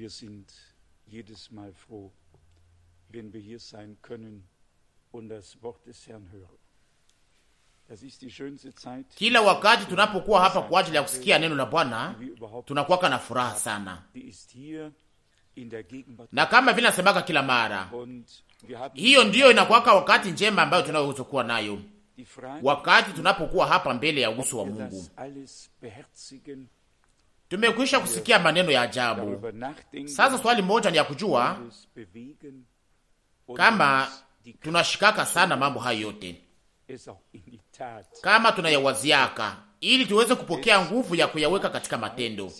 Wir sind jedes Mal froh, wenn wir hier sein können und das Wort des Herrn hören. Kila wakati tunapokuwa hapa kwa ajili ya kusikia neno la Bwana tunakuwa na furaha sana, na kama vile nasemaka kila mara, hiyo ndiyo inakuwaka wakati njema ambayo tunaweza kuwa nayo wakati tunapokuwa hapa mbele ya uso wa Mungu. Tumekwisha kusikia maneno ya ajabu. Sasa swali moja ni ya kujua kama tunashikaka sana mambo hayo yote, kama tunayawaziaka, ili tuweze kupokea nguvu ya kuyaweka katika matendo.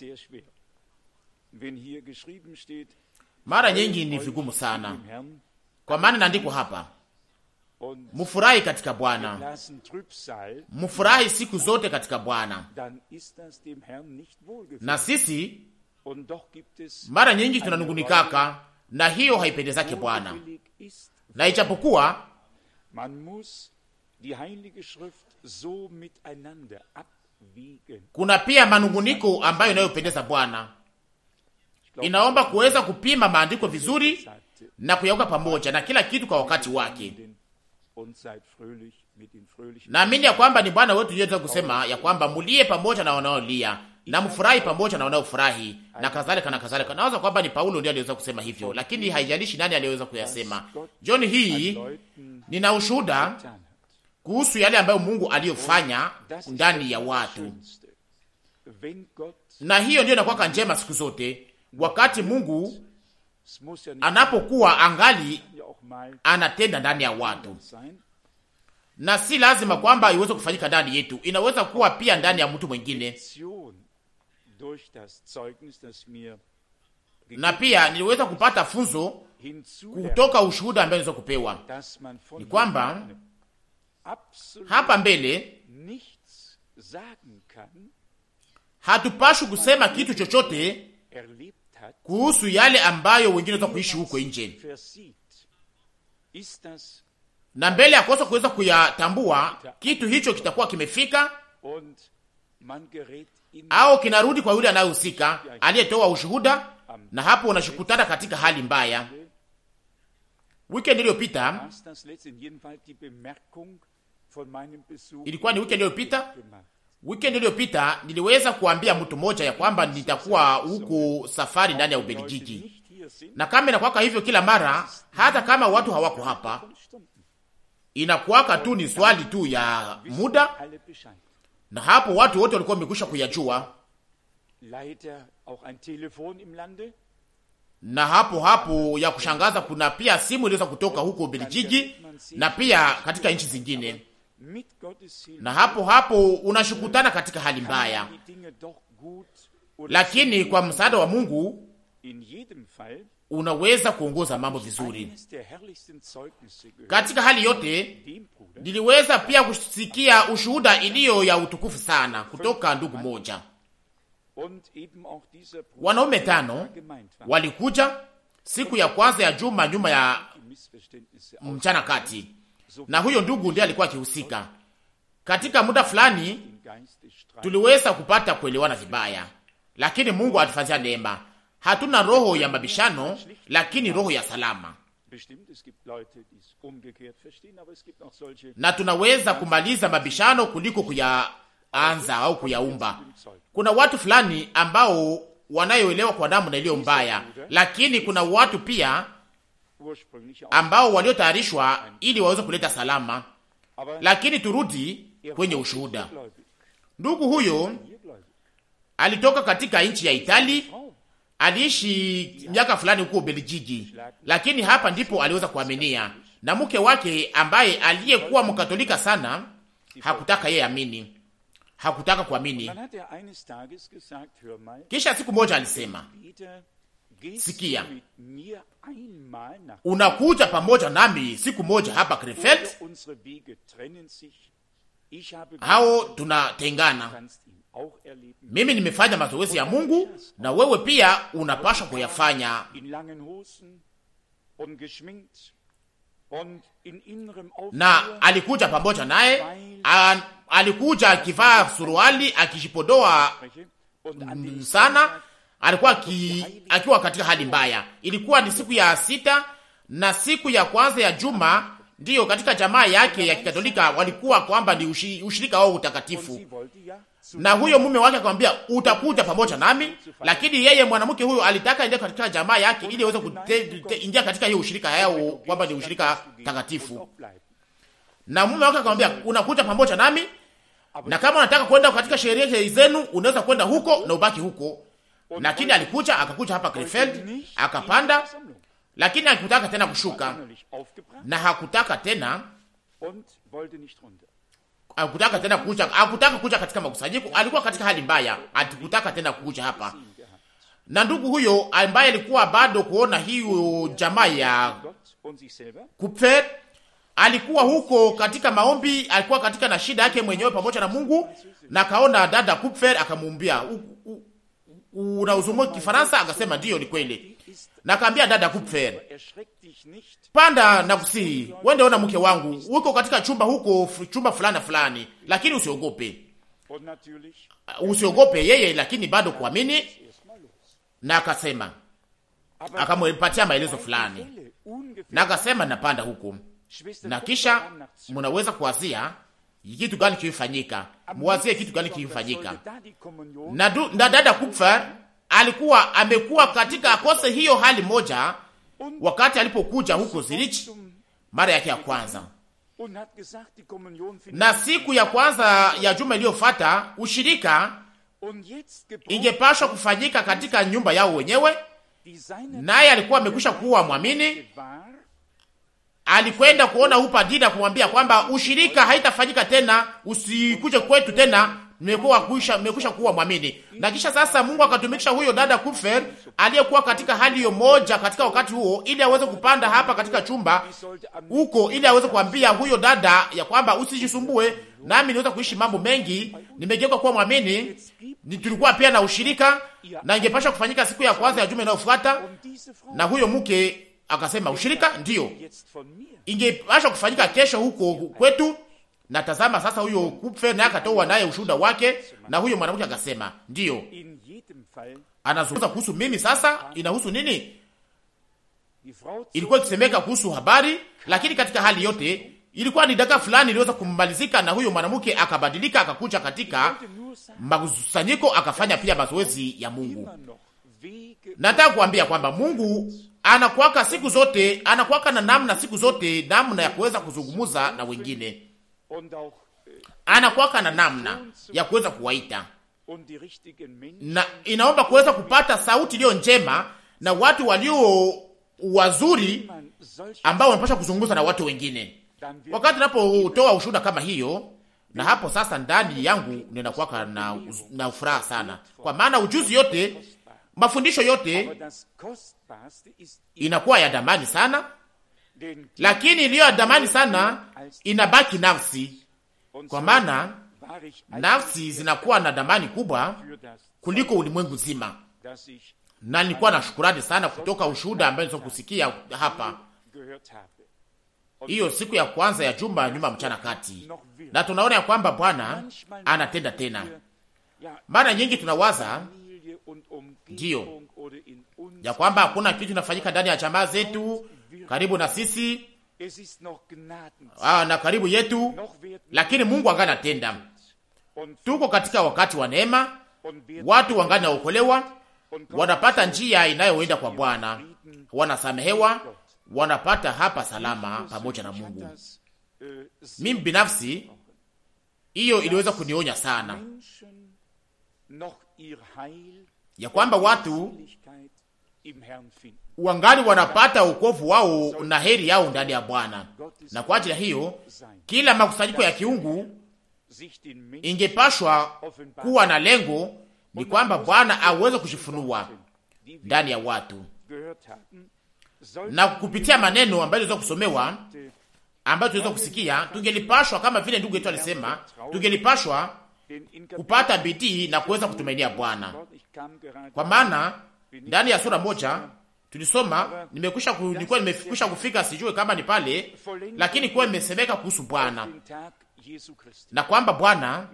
Mara nyingi ni vigumu sana, kwa maana inaandikwa hapa Mufurahi katika Bwana, mufurahi siku zote katika Bwana. Na sisi mara nyingi tunanungunikaka, na hiyo haipendezake Bwana. Na ijapokuwa kuna pia manunguniko ambayo inayopendeza Bwana, inaomba kuweza kupima maandiko vizuri na kuyauka pamoja na kila kitu kwa wakati wake. Naamini ya kwamba ni Bwana wetu yeye kusema ya kwamba mulie pamoja na wanaolia na mfurahi pamoja na wanaofurahi na kadhalika na kadhalika. Naweza kwamba ni Paulo ndiye aliweza kusema hivyo, lakini haijalishi nani aliyeweza kuyasema. John, hii nina ushuhuda kuhusu yale ambayo Mungu aliyofanya oh, ndani ya watu, na hiyo ndiyo inakuwa njema siku zote, wakati Mungu anapokuwa angali anatenda ndani ya watu, na si lazima kwamba iweze kufanyika ndani yetu, inaweza kuwa pia ndani ya mtu mwingine. Na pia niliweza kupata funzo kutoka ushuhuda ambayo niweza kupewa ni kwamba hapa mbele hatupashwi kusema kitu chochote kuhusu yale ambayo wengine weza kuishi huko nje, na mbele ya kosa kuweza kuyatambua kitu hicho kitakuwa kimefika au kinarudi kwa yule anayehusika aliyetoa ushuhuda, na hapo unashukutana katika hali mbaya. Wikendi iliyopita ilikuwa ni wikendi iliyopita, wikendi iliyopita niliweza kuambia mtu mmoja ya kwamba nitakuwa huku safari ndani ya Ubelgiji na kama inakuwaka hivyo kila mara, hata kama watu hawako hapa, inakuwaka tu ni swali tu ya muda, na hapo watu wote walikuwa wamekwisha kuyajua, na hapo hapo ya kushangaza, kuna pia simu iliweza kutoka huko Ubelgiji na pia katika nchi zingine, na hapo hapo unashukutana katika hali mbaya, lakini kwa msaada wa Mungu unaweza kuongoza mambo vizuri. Katika hali yote, niliweza pia kusikia ushuhuda iliyo ya utukufu sana kutoka ndugu moja. Wanaume tano walikuja siku ya kwanza ya juma nyuma ya mchana kati, na huyo ndugu ndiye alikuwa akihusika. Katika muda fulani tuliweza kupata kuelewana vibaya, lakini Mungu atufanyia neema hatuna roho ya mabishano, lakini roho ya salama, na tunaweza kumaliza mabishano kuliko kuyaanza au kuyaumba. Kuna watu fulani ambao wanayoelewa kwa namna na iliyo mbaya, lakini kuna watu pia ambao waliotayarishwa ili waweze kuleta salama. Lakini turudi kwenye ushuhuda. Ndugu huyo alitoka katika nchi ya Itali aliishi miaka fulani huko Ubelgiji, lakini hapa ndipo aliweza kuaminia, na mke wake ambaye aliyekuwa mkatolika sana hakutaka yeye amini, hakutaka kuamini. Kisha siku moja alisema, sikia, unakuja pamoja nami siku moja hapa Krefeld hao tunatengana. Mimi nimefanya mazoezi ya Mungu na wewe pia unapashwa kuyafanya. Na alikuja pamoja naye, alikuja akivaa suruali akijipodoa mm, sana, alikuwa er ki, akiwa katika hali mbaya. Ilikuwa ni siku ya sita na siku ya kwanza ya juma ndiyo katika jamaa yake ya Kikatolika walikuwa kwamba ni ushi, ushirika wao utakatifu, na huyo mume wake akamwambia utakuja pamoja nami, lakini yeye mwanamke huyo alitaka ingia katika jamaa yake ili aweze kuingia katika hiyo ushirika yao kwamba ni ushirika takatifu, na mume wake akamwambia unakuja pamoja nami, na kama unataka kwenda katika sherehe zenu unaweza kwenda huko na ubaki huko. Lakini alikuja akakuja hapa Krefeld, akapanda lakini hakutaka tena kushuka na hakutaka tena hakutaka tena kuja, hakutaka kuja katika makusanyiko. Alikuwa katika hali mbaya, hatukutaka tena kuja hapa. Na ndugu huyo ambaye alikuwa bado kuona hiyo jamaa ya kupe, alikuwa huko katika maombi, alikuwa katika na shida yake mwenyewe pamoja na Mungu, na kaona dada Kupfer, akamwambia unauzungua Kifaransa? Akasema ndiyo, ni kweli nakaambia dada Kupfer, er panda na kusihi wende ona mke wangu uko katika chumba huko chumba fulani na fulani, lakini usiogope, uh, usiogope yeye, lakini bado kuamini. Na akasema akampatia maelezo fulani, na akasema napanda huko, na kisha mnaweza kuwazia kitu gani kifanyika, mwazie kitu gani kifanyika na, na dada Kupfer alikuwa amekuwa katika akose hiyo hali moja wakati alipokuja huko Zurich mara yake ya kwanza, na siku ya kwanza ya juma iliyofuata ushirika ingepashwa kufanyika katika nyumba yao wenyewe. Naye alikuwa amekwisha kuwa mwamini, alikwenda kuona upadiri na kumwambia kwamba ushirika haitafanyika tena, usikuje kwetu tena, nimekuwa kuisha nimekwisha kuwa mwamini. Na kisha sasa Mungu akatumikisha huyo dada Kufer aliyekuwa katika hali hiyo moja katika wakati huo, ili aweze kupanda hapa katika chumba huko, ili aweze kuambia huyo dada ya kwamba usijisumbue, nami niweza kuishi mambo mengi, nimegeuka kuwa mwamini. Tulikuwa pia na ushirika na ingepasha kufanyika siku ya kwanza ya juma inayofuata, na huyo mke akasema ushirika ndiyo ingepasha kufanyika kesho huko kwetu na tazama sasa, huyo kupfe Kupfenea akatoa naye ushuhuda wake, na huyo mwanamke akasema ndiyo. Anazungumza kuhusu mimi. Sasa inahusu nini? Ilikuwa ikisemeka kuhusu habari, lakini katika hali yote ilikuwa ni dakika fulani iliweza kumalizika, na huyo mwanamke akabadilika, akakuja katika makusanyiko, akafanya pia mazoezi ya Mungu. Nataka kuambia kwamba Mungu anakuwaka siku zote, anakuwaka na namna siku zote, namna ya kuweza kuzungumza na wengine Äh, anakuwaka na namna ya kuweza kuwaita na inaomba kuweza kupata sauti iliyo njema na watu walio wazuri ambao wanapasha kuzungumza na watu wengine. Wakati napotoa ushuhuda kama hiyo, na hapo sasa ndani yangu ninakuwaka na, na furaha sana, kwa maana ujuzi yote mafundisho yote inakuwa ya damani sana lakini iliyo adamani sana inabaki nafsi, kwa maana nafsi zinakuwa na damani kubwa kuliko ulimwengu zima. Na nilikuwa na shukurani sana kutoka ushuhuda ambayo kusikia hapa hiyo siku ya kwanza ya juma nyuma mchana kati, na tunaona ya kwamba Bwana anatenda tena. Mara nyingi tunawaza ndiyo ya kwamba hakuna kitu inafanyika ndani ya jamaa zetu karibu na sisi ah, na karibu yetu, lakini Mungu angana tenda. Tuko katika wakati wa neema, watu wangana okolewa, wanapata njia inayoenda kwa Bwana, wanasamehewa, wanapata hapa salama pamoja na Mungu. Äh, Mimi binafsi hiyo iliweza kunionya sana ya kwamba watu wangali wanapata ukovu wao na heri yao ndani ya Bwana. Na kwa ajili ya hiyo, kila makusanyiko ya kiungu ingepashwa kuwa na lengo ni kwamba Bwana aweze kujifunua ndani ya watu na kupitia maneno ambayo tunaweza kusomewa, ambayo tunaweza kusikia. Tungelipashwa kama vile ndugu yetu alisema, tungelipashwa kupata bidii na kuweza kutumainia Bwana, kwa maana ndani ya sura moja tulisoma, nimekwisha nilikuwa nimekwisha kufika, sijue kama ni pale, lakini kuwa imesemeka kuhusu Bwana na kwamba Bwana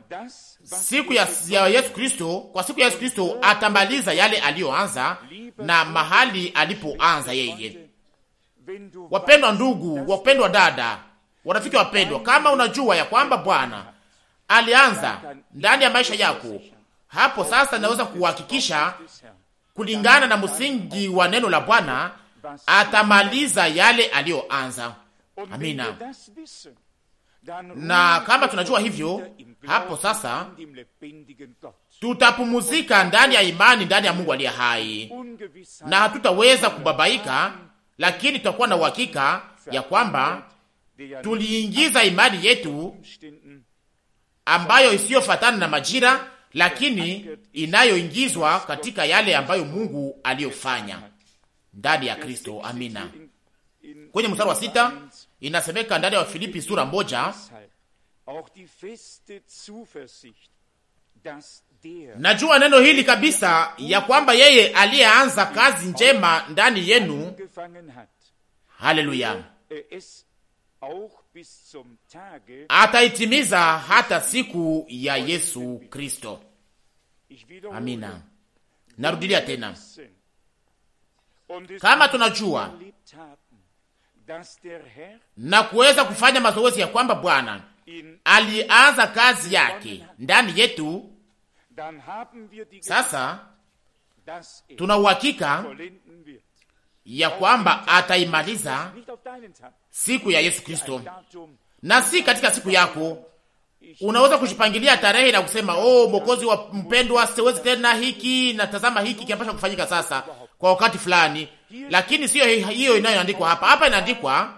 siku ya, ya Yesu Kristo, kwa siku ya Yesu Kristo atamaliza yale aliyoanza na mahali alipoanza yeye. Wapendwa ndugu, wapendwa dada, warafiki wapendwa, kama unajua ya kwamba Bwana alianza ndani ya maisha yako, hapo sasa naweza kuhakikisha kulingana na msingi wa neno la Bwana atamaliza yale aliyoanza. Amina. Na kama tunajua hivyo, hapo sasa tutapumuzika ndani ya imani, ndani ya Mungu aliye hai, na hatutaweza kubabaika, lakini tutakuwa na uhakika ya kwamba tuliingiza imani yetu ambayo isiyofatana na majira lakini inayoingizwa katika yale ambayo Mungu aliyofanya ndani ya Kristo. Amina. Kwenye mstari wa sita inasemeka ndani ya wafilipi sura moja, najua neno hili kabisa ya kwamba yeye aliyeanza kazi njema ndani yenu, haleluya, ataitimiza hata siku ya Yesu Kristo. Amina. Narudilia tena, kama tunajua na kuweza kufanya mazoezi ya kwamba Bwana alianza kazi yake ndani yetu, sasa er tuna uhakika ya kwamba ataimaliza siku ya Yesu Kristo, na si katika siku yako Unaweza kujipangilia tarehe na kusema oh, Mwokozi wa mpendwa, siwezi tena hiki, natazama hiki kinapaswa kufanyika sasa kwa wakati fulani, lakini sio hiyo inayoandikwa hapa. Hapa inaandikwa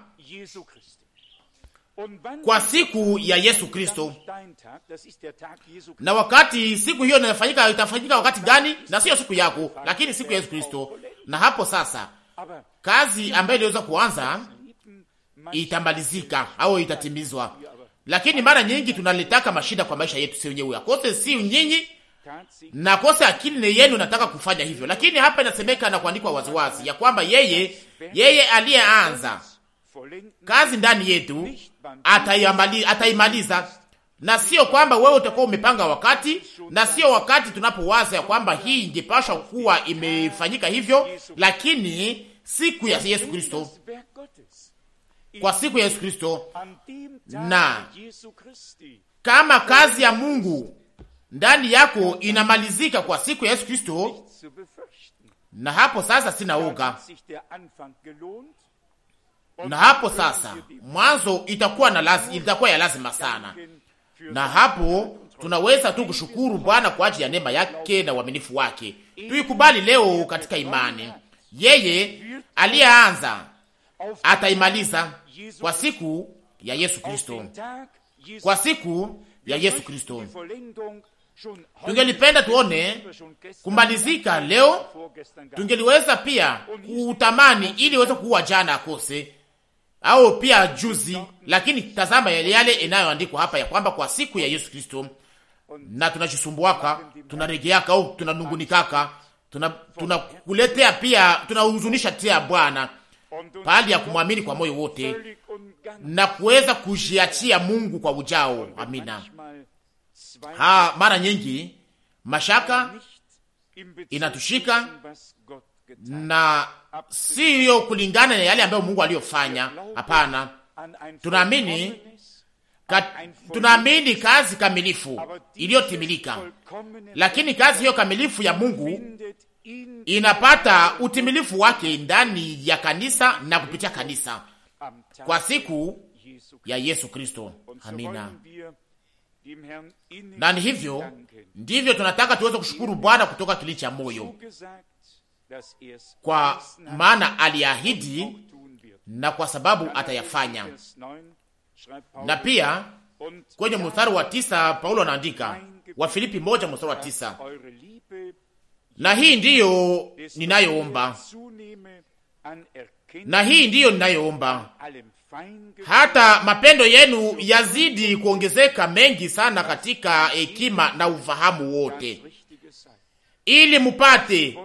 kwa siku ya Yesu Kristo, na wakati siku hiyo inafanyika, itafanyika wakati gani? Na sio siku yako, lakini siku ya Yesu Kristo. Na hapo sasa kazi ambayo iliweza kuanza itamalizika au itatimizwa lakini mara nyingi tunalitaka mashida kwa maisha yetu, si wenyewe akose, si nyinyi na kose akili ni yenu nataka kufanya hivyo, lakini hapa inasemeka na kuandikwa waziwazi ya kwamba yeye yeye aliyeanza kazi ndani yetu ataimaliza, na sio kwamba wewe utakuwa umepanga wakati, na sio wakati tunapowaza ya kwamba hii ingepashwa kuwa imefanyika hivyo, lakini siku ya Yesu Kristo kwa siku ya Yesu Kristo na kama kazi ya Mungu ndani yako inamalizika kwa siku ya Yesu Kristo, na hapo sasa sina woga, na hapo sasa mwanzo itakuwa na lazima, itakuwa ya lazima sana, na hapo tunaweza tu kushukuru Bwana kwa ajili ya neema yake na uaminifu wake. Tuikubali leo katika imani, yeye aliyeanza ataimaliza kwa siku ya Yesu Kristo, kwa siku ya Yesu Kristo. Tungelipenda tuone kumalizika leo, tungeliweza pia kutamani ili iweze kuwa jana akose au pia juzi, lakini tazama yale yale inayoandikwa hapa ya kwamba kwa siku ya Yesu Kristo, na tunajisumbuaka, tunaregeaka au tunanungunikaka, tunakuletea tuna pia tunahuzunisha tia Bwana pahali ya kumwamini kwa moyo wote na kuweza kujiachia Mungu kwa ujao. Amina. Ha, mara nyingi mashaka inatushika na siyo kulingana na yale ambayo Mungu aliyofanya. Hapana, tunaamini ka, tunaamini kazi kamilifu iliyotimilika, lakini kazi hiyo kamilifu ya Mungu inapata utimilifu wake ndani ya kanisa na kupitia kanisa kwa siku ya Yesu Kristo. Amina. Na ni hivyo ndivyo tunataka tuweze kushukuru Bwana kutoka kilii cha moyo, kwa maana aliahidi na kwa sababu atayafanya. Na pia kwenye mstari wa tisa Paulo anaandika, Wafilipi moja mstari wa tisa na hii ndiyo ninayoomba, na hii ndiyo ninayoomba, hata mapendo yenu yazidi kuongezeka mengi sana katika hekima na ufahamu wote, ili mupate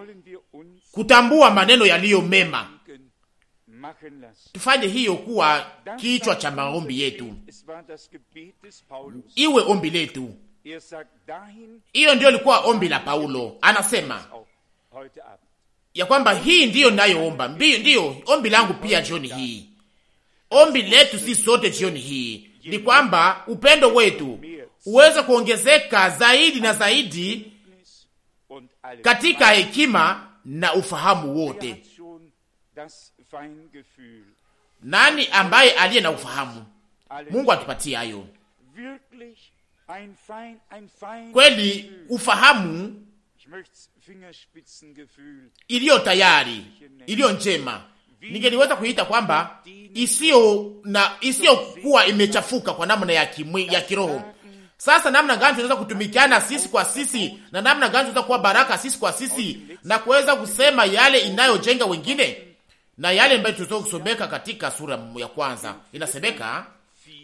kutambua maneno yaliyo mema. Tufanye hiyo kuwa kichwa cha maombi yetu, iwe ombi letu. Hiyo ndiyo ilikuwa ombi la Paulo, anasema oh, ya kwamba hii ndiyo ninayoomba, ndiyo ombi langu pia jioni hii. Ombi letu si sote jioni hii ni kwamba upendo wetu uweze kuongezeka zaidi na zaidi katika hekima na ufahamu wote. Nani ambaye aliye na ufahamu? Mungu atupatie hayo kweli ufahamu iliyo tayari, iliyo njema, ningeliweza kuita kwamba isiyo na isiyokuwa imechafuka kwa namna ya, ya kiroho. Sasa namna gani tunaweza kutumikiana sisi kwa sisi, na namna gani tunaweza kuwa baraka sisi kwa sisi na kuweza kusema yale inayojenga wengine na yale ambayo tunaweza kusomeka katika sura ya kwanza, inasemeka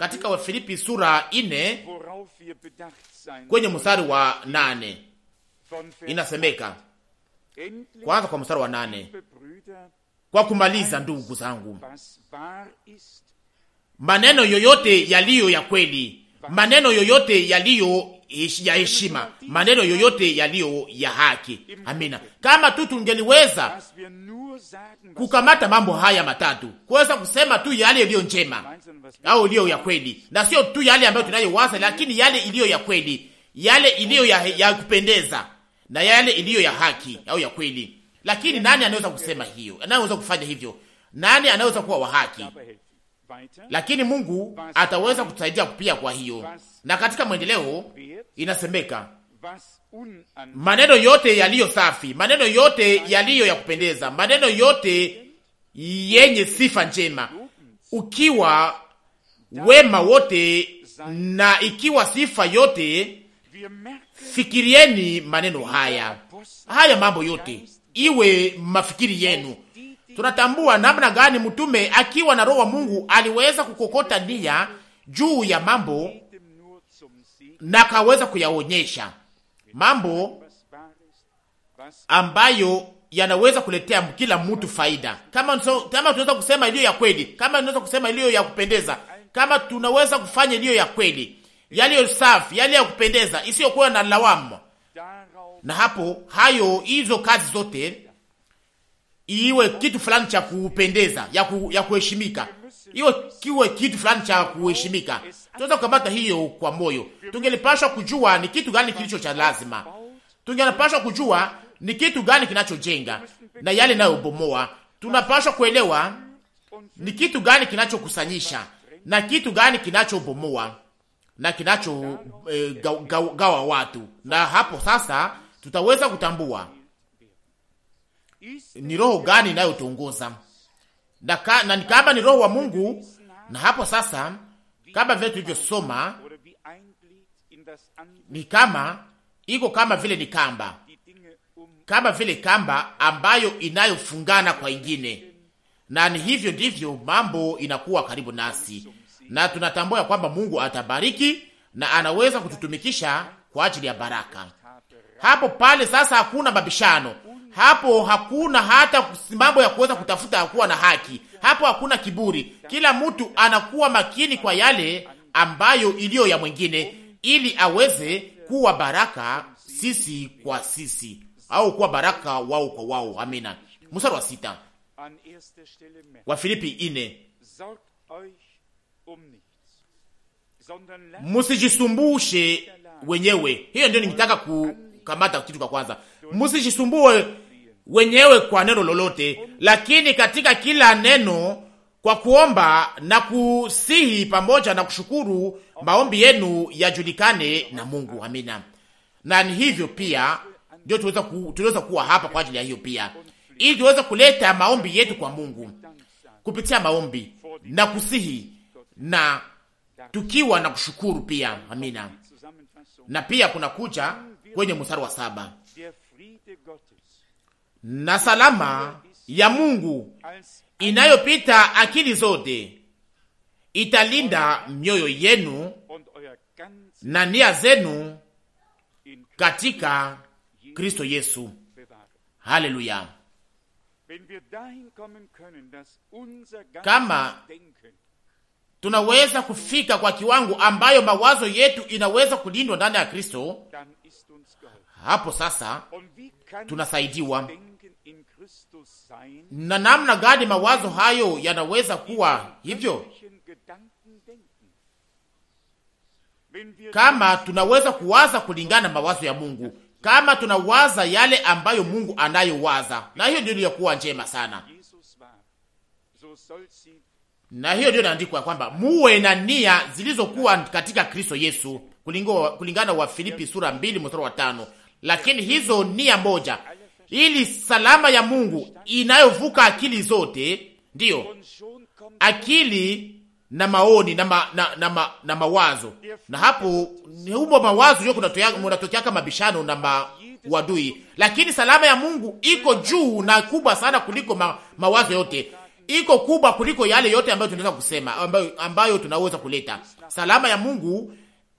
katika Wafilipi sura ine kwenye mstari wa nane inasemeka kwanza, kwa mstari wa nane kwa kumaliza, ndugu zangu, maneno yoyote yaliyo ya kweli, maneno yoyote yaliyo ya heshima, maneno yoyote yaliyo ya haki. Amina. Kama tu tungeliweza kukamata mambo haya matatu, kuweza kusema tu yale iliyo njema au iliyo ya kweli, na sio tu yale ambayo tunayowaza, lakini yale iliyo ya kweli, yale iliyo ya, ya kupendeza na yale iliyo ya haki au ya kweli. Lakini nani anaweza kusema hiyo? anaweza kufanya hivyo? Nani anaweza kuwa wa haki? Lakini Mungu ataweza kutusaidia pia. Kwa hiyo na katika mwendeleo inasemeka maneno yote yaliyo safi, maneno yote yaliyo ya kupendeza, maneno yote yenye sifa njema, ukiwa wema wote na ikiwa sifa yote, fikirieni maneno haya. Haya mambo yote iwe mafikiri yenu. Tunatambua namna gani mtume akiwa na roho wa Mungu aliweza kukokota nia juu ya mambo na akaweza kuyaonyesha mambo ambayo yanaweza kuletea kila mtu faida, kama kama tunaweza kusema iliyo ya kweli, kama tunaweza kusema iliyo ya kupendeza, kama tunaweza kufanya iliyo ya kweli, yaliyo safi, yale ya kupendeza, isiyokuwa na lawamu, Na hapo hayo, hizo kazi zote iwe kitu fulani cha kupendeza, ya, ku, ya kuheshimika, iwe kiwe kitu fulani cha kuheshimika, Tunaweza kukamata hiyo kwa moyo. Tungelipashwa kujua ni kitu gani kilicho cha lazima. Tungelipashwa kujua ni kitu gani kinachojenga na yale nayobomoa. Tunapashwa kuelewa ni kitu gani kinachokusanyisha na kitu gani kinachobomoa na kinacho e, gawa, gawa watu. Na hapo sasa tutaweza kutambua ni roho gani inayotuongoza na, ka, na ni kama ni roho wa Mungu, na hapo sasa kama vile tulivyosoma, ni kama iko kama vile ni kamba, kama vile kamba ambayo inayofungana kwa ingine, na ni hivyo ndivyo mambo inakuwa karibu nasi, na tunatambua kwamba Mungu atabariki na anaweza kututumikisha kwa ajili ya baraka. Hapo pale sasa hakuna mabishano, hapo hakuna hata mambo ya kuweza kutafuta kuwa na haki. Hapo hakuna kiburi, kila mtu anakuwa makini kwa yale ambayo iliyo ya mwingine, ili aweze kuwa baraka sisi kwa sisi, au kuwa baraka wao kwa wao. Amina. Mstari wa sita wa Filipi ine, musijisumbushe um wenyewe. Hiyo ndio ningetaka kukamata kitu kwa kwanza, musijisumbue wenyewe kwa neno lolote, lakini katika kila neno kwa kuomba na kusihi pamoja na kushukuru, maombi yenu yajulikane na Mungu. Amina. Na ni hivyo pia ndio tuweza ku, tuweza kuwa hapa kwa ajili ya hiyo pia, ili tuweze kuleta maombi yetu kwa Mungu kupitia maombi na kusihi na tukiwa na kushukuru pia. Amina. Na pia kuna kuja kwenye mstari wa saba na salama ya Mungu inayopita akili zote italinda mioyo yenu na nia zenu katika Kristo Yesu. Haleluya! Kama tunaweza kufika kwa kiwango ambayo mawazo yetu inaweza kulindwa ndani ya Kristo, hapo sasa tunasaidiwa na namna gani mawazo hayo yanaweza kuwa hivyo? Kama tunaweza kuwaza kulingana na mawazo ya Mungu, kama tunawaza yale ambayo Mungu anayowaza, na hiyo ndio iliyokuwa njema sana, na hiyo ndio inaandikwa kwamba muwe na nia zilizokuwa katika Kristo Yesu, kulingana wa Filipi sura 2 mstari wa 5. Lakini hizo nia moja ili salama ya Mungu inayovuka akili zote, ndiyo akili na maoni na, ma, na, na, na, na mawazo. Na hapo humo mawazo yo kunatokea kama mabishano na ma, wadui, lakini salama ya Mungu iko juu na kubwa sana kuliko ma, mawazo yote, iko kubwa kuliko yale yote ambayo tunaweza kusema, ambayo, ambayo tunaweza kuleta. Salama ya Mungu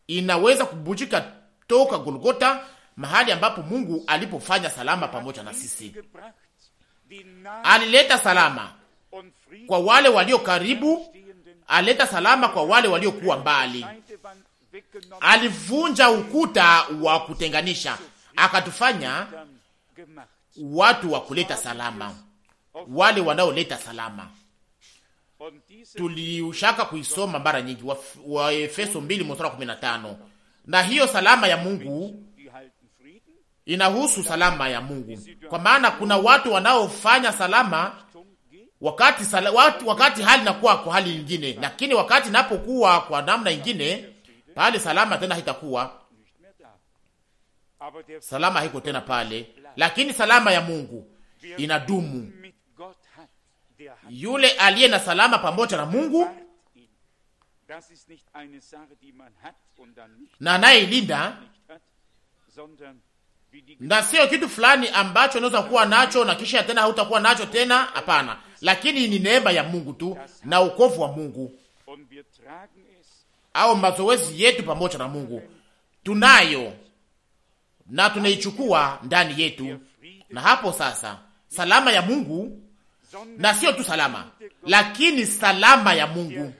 inaweza kubujika toka Golgota mahali ambapo Mungu alipofanya salama pamoja na sisi. Alileta salama kwa wale walio karibu, alileta salama kwa wale waliokuwa mbali. Alivunja ukuta wa kutenganisha, akatufanya watu wa kuleta salama, wale wanaoleta salama. Tuliushaka kuisoma mara nyingi, Waefeso wa Efeso 2:15 Na hiyo salama ya Mungu inahusu salama ya Mungu, kwa maana kuna watu wanaofanya salama wakati sala, watu, wakati hali inakuwa kwa hali nyingine, lakini wakati inapokuwa kwa namna nyingine, pale salama tena haitakuwa salama, haiko tena pale, lakini salama ya Mungu inadumu. Yule aliye na salama pamoja na Mungu na anayeilinda na sio kitu fulani ambacho unaweza kuwa nacho na kisha tena hautakuwa nacho tena. Hapana, lakini ni neema ya Mungu tu na ukovu wa Mungu au mazoezi yetu pamoja na Mungu tunayo na tunaichukua ndani yetu, na hapo sasa salama ya Mungu, na sio tu salama, lakini salama ya Mungu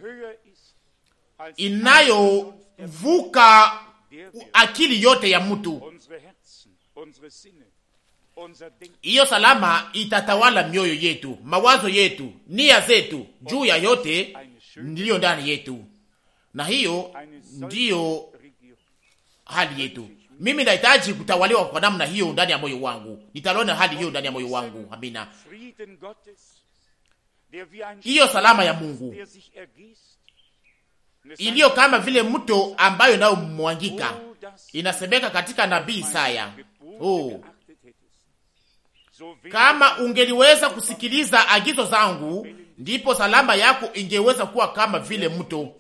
inayovuka akili yote ya mtu hiyo salama itatawala mioyo yetu, mawazo yetu, nia zetu, juu ya yote ndiyo ndani yetu, na hiyo ndiyo hali yetu. Mimi nahitaji kutawaliwa kwa namna hiyo ndani ya moyo wangu, nitaliona hali hiyo ndani ya moyo wangu. Amina. Hiyo salama ya Mungu iliyo kama vile mto ambayo nayo mwangika, inasemeka katika nabii Isaya Oh, kama ungeliweza kusikiliza agizo zangu, ndipo salama yako ingeweza kuwa kama vile mto.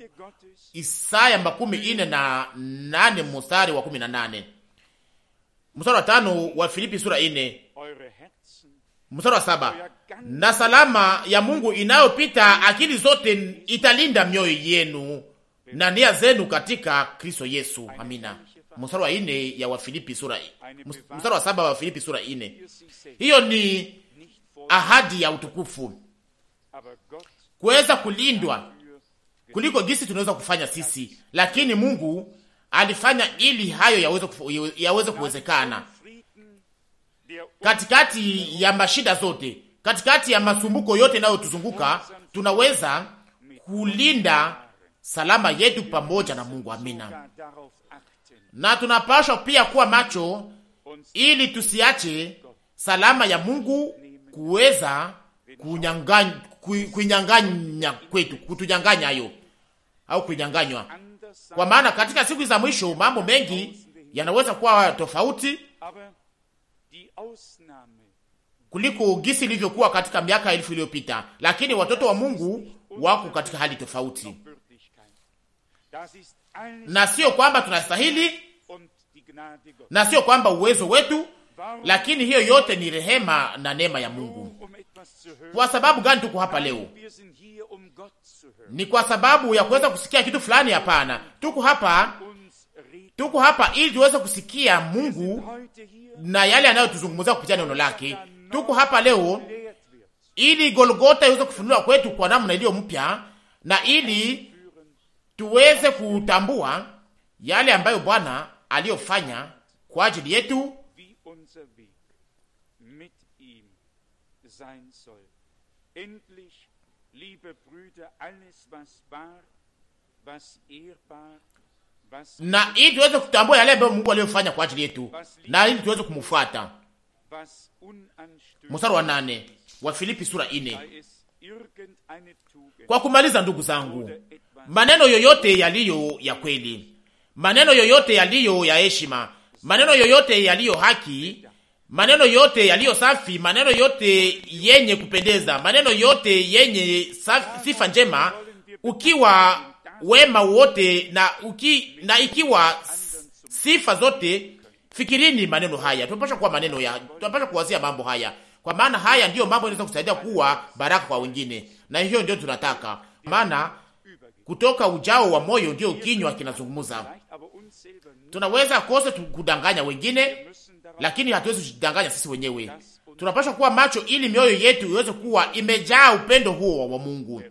Isaya makumi ine na nane mstari wa kumi na nane mstari wa tano wa Filipi sura ine mstari wa saba na salama ya Mungu inayopita akili zote italinda mioyo yenu na nia zenu katika Kristo Yesu. Amina mstari wa ine ya Wafilipi sura mstari wa saba wa Filipi sura ine. Hiyo ni ahadi ya utukufu kuweza kulindwa kuliko gisi tunaweza kufanya sisi, lakini Mungu alifanya ili hayo yaweze yaweze kuwezekana katikati ya mashida zote, katikati ya masumbuko yote inayotuzunguka tunaweza kulinda salama yetu pamoja na Mungu. Amina na tunapashwa pia kuwa macho ili tusiache salama ya Mungu kuweza kunyang'anya kuinyang'anya kwetu kutunyang'anya hayo au kuinyang'anywa, kwa maana katika siku za mwisho mambo mengi yanaweza kuwa tofauti kuliko gisi ilivyokuwa katika miaka elfu iliyopita, lakini watoto wa Mungu wako katika hali tofauti na sio kwamba tunastahili na sio kwamba uwezo wetu, lakini hiyo yote ni rehema na neema ya Mungu. Kwa sababu gani tuko hapa leo? Ni kwa sababu ya kuweza kusikia kitu fulani? Hapana, tuko hapa, tuko hapa ili tuweze kusikia Mungu na yale anayotuzungumzia kupitia neno lake. Tuko hapa leo ili Golgota iweze kufunuliwa kwetu kwa namna iliyo mpya na ili tuweze kutambua yale ambayo Bwana aliyofanya kwa ajili yetu na ili tuweze kutambua yale ambayo Mungu aliyofanya kwa ajili yetu na ili tuweze kumfuata. Mstari wa nane wa Filipi sura ine. Kwa kumaliza, ndugu zangu, maneno yoyote yaliyo ya kweli, maneno yoyote yaliyo ya heshima, maneno yoyote yaliyo haki, maneno yote yaliyo safi, maneno yote yenye kupendeza, maneno yote yenye safi, sifa njema, ukiwa wema wote na uki, na ikiwa sifa zote, fikirini maneno haya. Tunapaswa kuwa maneno ya tunapaswa kuwazia mambo haya, kwa maana haya ndiyo mambo yanaweza kusaidia kuwa baraka kwa wengine na hiyo ndio tunataka, maana kutoka ujao wa moyo ndio kinywa kinazungumza. Tunaweza kose kudanganya wengine, lakini hatuwezi kujidanganya sisi wenyewe. Tunapaswa kuwa macho ili mioyo yetu iweze kuwa imejaa upendo huo wa Mungu,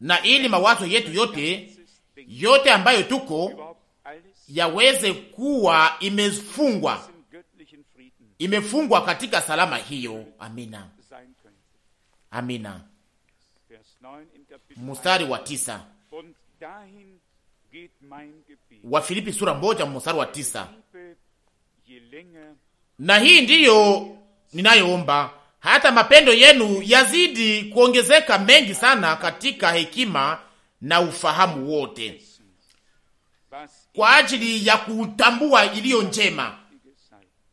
na ili mawazo yetu yote yote ambayo tuko yaweze kuwa imefungwa imefungwa katika salama hiyo. Amina. Amina. Mstari wa tisa wa Filipi sura moja mstari wa tisa. Na hii ndiyo ninayoomba hata mapendo yenu yazidi kuongezeka mengi sana katika hekima na ufahamu wote, kwa ajili ya kutambua iliyo njema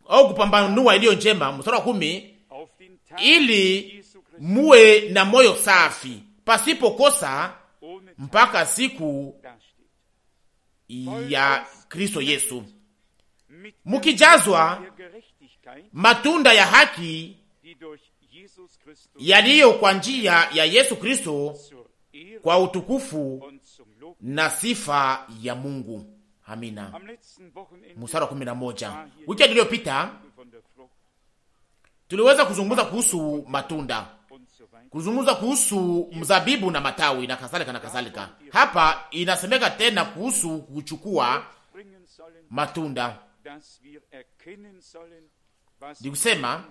au kupambanua iliyo njema. Mstari wa kumi, ili muwe na moyo safi pasipo kosa mpaka siku ya Kristo Yesu, mukijazwa matunda ya haki yaliyo kwa njia ya Yesu Kristo kwa utukufu na sifa ya Mungu. Amina. Mstari wa kumi na moja. Wiki iliyopita tuliweza kuzungumza kuhusu matunda kuzungumza kuhusu mzabibu na matawi na kadhalika na kadhalika. Hapa inasemeka tena kuhusu kuchukua matunda, ni kusema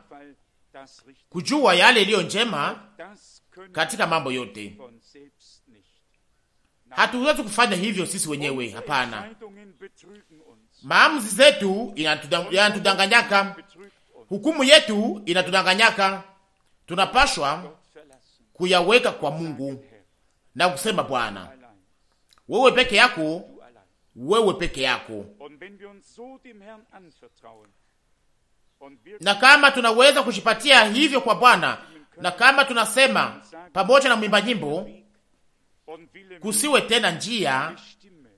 kujua yale iliyo njema katika mambo yote. Hatuwezi kufanya hivyo sisi wenyewe, hapana. Maamuzi zetu yanatudanganyaka, hukumu yetu inatudanganyaka. Tunapashwa kuyaweka kwa Mungu na kusema, Bwana, wewe peke yako, wewe peke yako. Na kama tunaweza kushipatia hivyo kwa Bwana, na kama tunasema pamoja na mwimba nyimbo, kusiwe tena njia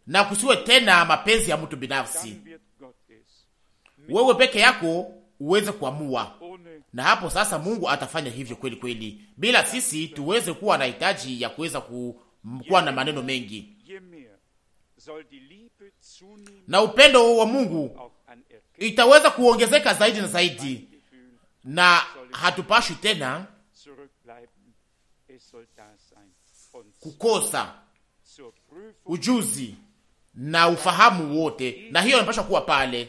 na kusiwe tena mapenzi ya mtu binafsi, wewe peke yako uweze kuamua na hapo sasa Mungu atafanya hivyo kweli kweli, bila sisi tuweze kuwa na hitaji ya kuweza kuwa na maneno mengi. Na upendo wa Mungu itaweza kuongezeka zaidi na zaidi, na hatupashwi tena kukosa ujuzi na ufahamu wote, na hiyo inapasha kuwa pale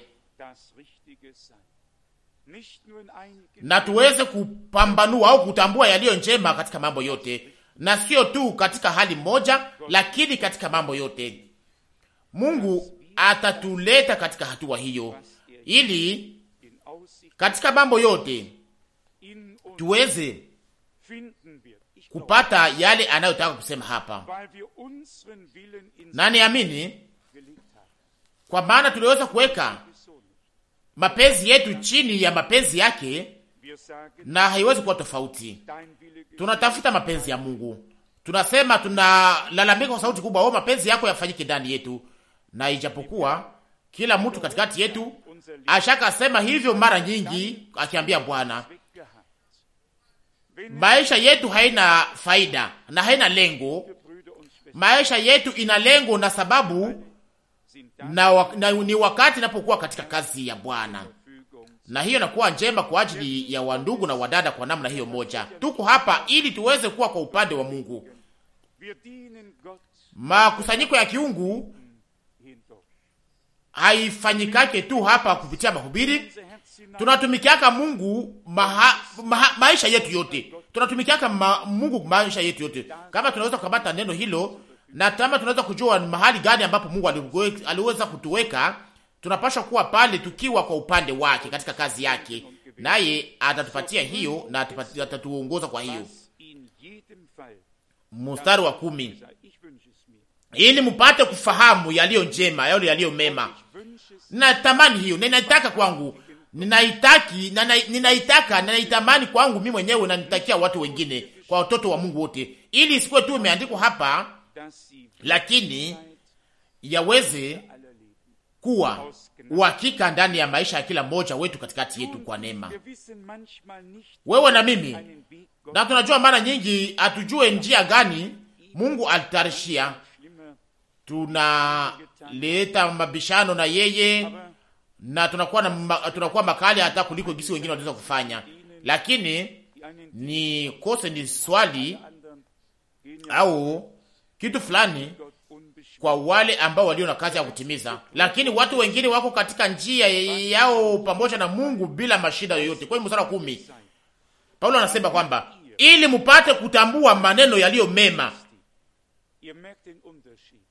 na tuweze kupambanua au kutambua yaliyo njema katika mambo yote, na sio tu katika hali moja, lakini katika mambo yote. Mungu atatuleta katika hatua hiyo, ili katika mambo yote tuweze kupata yale anayotaka kusema hapa, na niamini, kwa maana tuliweza kuweka mapenzi yetu chini ya mapenzi yake, na haiwezi kuwa tofauti. Tunatafuta mapenzi ya Mungu, tunasema, tunalalamika kwa sauti kubwa, oh, mapenzi yako yafanyike ndani yetu, na ijapokuwa kila mtu katikati yetu ashaka sema hivyo mara nyingi, akiambia Bwana, maisha yetu haina faida na haina lengo. Maisha yetu ina lengo na sababu na, wa, na ni wakati inapokuwa katika kazi ya Bwana, na hiyo nakuwa njema kwa ajili ya wandugu na wadada. Kwa namna hiyo moja, tuko hapa ili tuweze kuwa kwa upande wa Mungu. Makusanyiko ya kiungu haifanyikake tu hapa kupitia mahubiri, tunatumikiaka Mungu maha, maha, maisha yetu yote tunatumikiaka ma, Mungu maisha yetu yote. Kama tunaweza kukamata neno hilo na kama tunaweza kujua ni mahali gani ambapo Mungu aliweza kutuweka, tunapaswa kuwa pale tukiwa kwa upande wake katika kazi yake, naye atatupatia hiyo na atatuongoza kwa hiyo. Mstari wa kumi, ili mpate kufahamu yaliyo njema, yale yaliyo mema. Natamani hiyo, ninaitaka kwangu, ninaitaki, ninaitaka, ninaitamani kwangu mimi mwenyewe, nanitakia watu wengine, kwa watoto wa Mungu wote, ili isikuwe tu imeandikwa hapa lakini yaweze kuwa uhakika ndani ya maisha ya kila mmoja wetu katikati yetu kwa neema. Wewe na mimi, na tunajua mara nyingi hatujue njia gani Mungu alitarishia, tunaleta mabishano na yeye na tunakuwa, na tunakuwa makali hata kuliko gisi wengine wanaweza kufanya, lakini ni kose ni swali au kitu fulani kwa wale ambao walio na kazi ya kutimiza, lakini watu wengine wako katika njia yao pamoja na Mungu bila mashida yoyote. hiyo mstari wa kumi Paulo anasema kwamba ili mupate kutambua maneno yaliyo mema,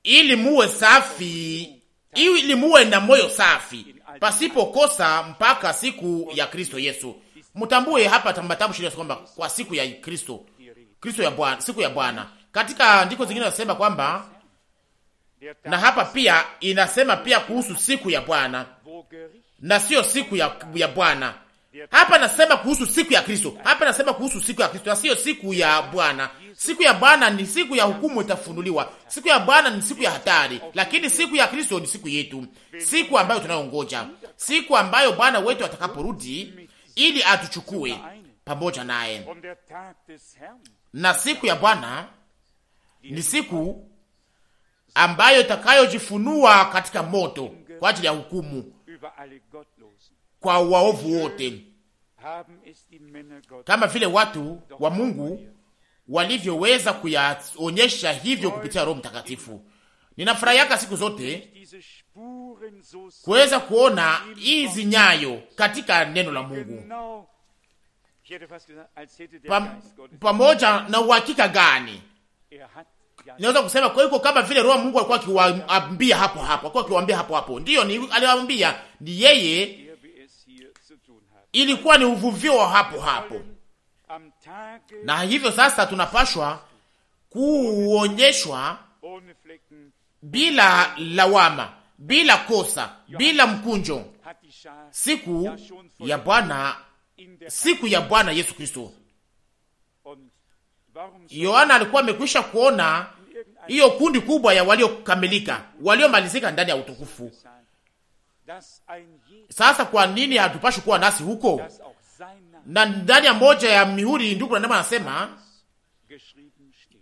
ili muwe safi, ili muwe na moyo safi pasipo kosa mpaka siku ya Kristo Yesu. Mtambue hapa matamshi kwamba kwa siku ya Kristo, Kristo ya Bwana, siku ya Bwana katika andiko zingine nasema kwamba na hapa pia inasema pia kuhusu siku ya Bwana na sio siku ya, ya Bwana. Hapa nasema kuhusu siku ya Kristo, hapa nasema kuhusu siku ya Kristo na sio siku ya Bwana. Siku ya Bwana ni siku ya hukumu itafunuliwa, siku ya Bwana ni siku ya hatari, lakini siku ya Kristo ni siku yetu, siku ambayo tunayongoja, siku ambayo Bwana wetu atakaporudi ili atuchukue pamoja naye, na siku ya Bwana ni siku ambayo itakayojifunua katika moto kwa ajili ya hukumu kwa waovu wote, kama vile watu wa Mungu walivyoweza kuyaonyesha hivyo kupitia Roho Mtakatifu. Ninafurahiaka siku zote kuweza kuona hizi nyayo katika neno la Mungu pamoja na uhakika gani Naweza kusema kwa hiyo kama vile Roho Mungu alikuwa akiwaambia hapo hapo, alikuwa akiwaambia hapo hapo. Ndiyo, ni aliwaambia ni yeye, ilikuwa ni uvuvio wa hapo hapo. Na hivyo sasa tunapashwa kuonyeshwa bila lawama, bila kosa, bila mkunjo, siku ya Bwana, siku ya Bwana Yesu Kristo. Yohana alikuwa amekwisha kuona hiyo kundi kubwa ya waliokamilika, waliomalizika ndani ya utukufu. Sasa kwa nini hatupashi kuwa nasi huko? Na ndani ya moja ya mihuri, ndugu Branham anasema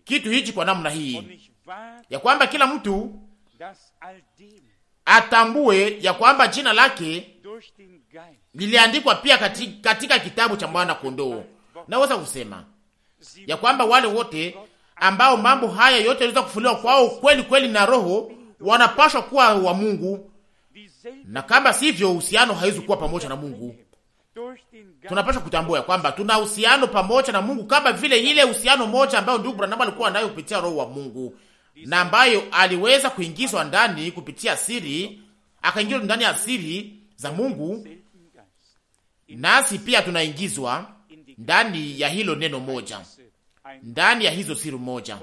kitu hichi kwa namna hii ya kwamba kila mtu atambue ya kwamba jina lake liliandikwa pia katika, katika kitabu cha mwana kondoo. Naweza kusema ya kwamba wale wote ambao mambo haya yote yanaweza kufunuliwa kwao kweli kweli na Roho wanapashwa kuwa wa Mungu, na kama sivyo uhusiano haiwezi kuwa pamoja na Mungu. Tunapashwa kutambua ya kwamba tuna uhusiano pamoja na Mungu kama vile ile uhusiano moja ambayo ndugu Branham alikuwa nayo kupitia Roho wa Mungu na ambayo aliweza kuingizwa ndani kupitia siri, akaingizwa ndani ya siri za Mungu, nasi pia tunaingizwa ndani ya hilo neno moja, ndani ya hizo siri moja,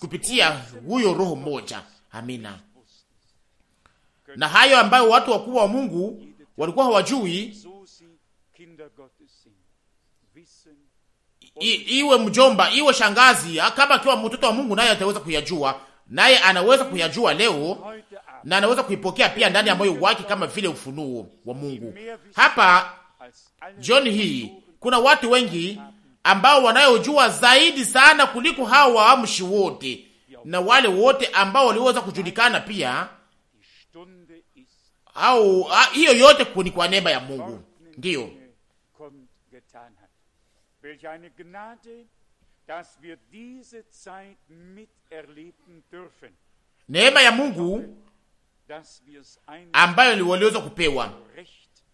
kupitia huyo roho moja. Amina. Na hayo ambayo watu wakuu wa Mungu walikuwa hawajui I, iwe mjomba iwe shangazi, kama akiwa mtoto wa Mungu naye ataweza kuyajua, naye anaweza kuyajua leo na anaweza kuipokea pia ndani ya moyo wake, kama vile ufunuo wa Mungu. Hapa John hii kuna watu wengi ambao wanayojua zaidi sana kuliko hao waamshi wote na wale wote ambao waliweza kujulikana pia au ah, hiyo yote ni kwa neema ya Mungu. Ndiyo, neema ya Mungu ambayo waliweza kupewa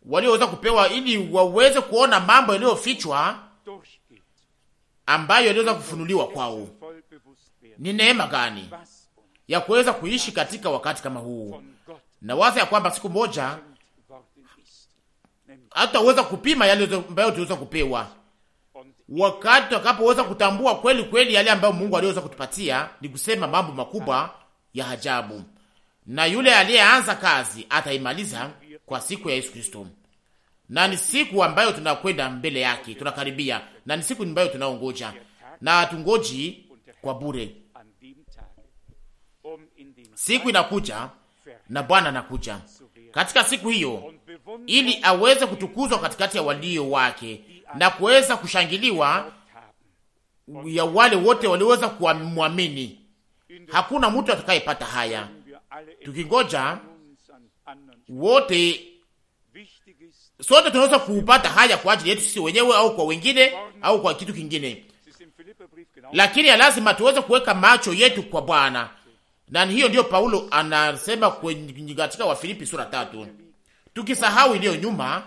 walioweza kupewa ili waweze kuona mambo yaliyofichwa ambayo yaliweza kufunuliwa kwao. Ni neema gani ya kuweza kuishi katika wakati kama huu, na waza ya kwamba siku moja hatutaweza kupima yale ambayo tuliweza kupewa. Wakati tutakapoweza kutambua kweli kweli yale ambayo Mungu aliweza kutupatia, ni kusema mambo makubwa ya ajabu na yule aliyeanza kazi ataimaliza kwa siku ya Yesu Kristo, na ni siku ambayo tunakwenda mbele yake, tunakaribia, na ni siku ambayo tunaongoja na hatungoji kwa bure. Siku inakuja na Bwana anakuja katika siku hiyo, ili aweze kutukuzwa katikati ya walio wake na kuweza kushangiliwa ya wale wote walioweza kumwamini. Hakuna mtu atakayepata haya tukingoja wote, sote tunaweza kupata haya kwa ajili yetu sisi wenyewe au kwa wengine au kwa kitu kingine, lakini ya lazima tuweze kuweka macho yetu kwa Bwana, na hiyo ndiyo Paulo anasema kwenye katika Wafilipi sura tatu, tukisahau iliyo nyuma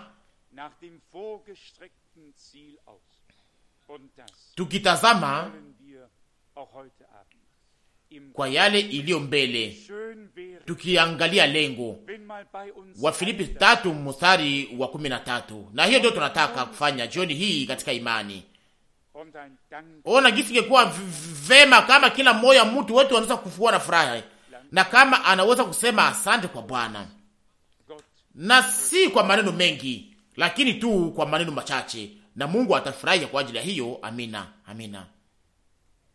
tukitazama kwa yale iliyo mbele, tukiangalia lengo. Wafilipi tatu mstari wa kumi na tatu. Na hiyo ndio tunataka kufanya jioni hii katika imani. Ona gisi ingekuwa vema kama kila mmoja mtu wetu anaweza kufua na furaha, na kama anaweza kusema asante kwa Bwana, na si kwa maneno mengi, lakini tu kwa maneno machache, na Mungu atafurahia kwa ajili ya hiyo. Amina, amina.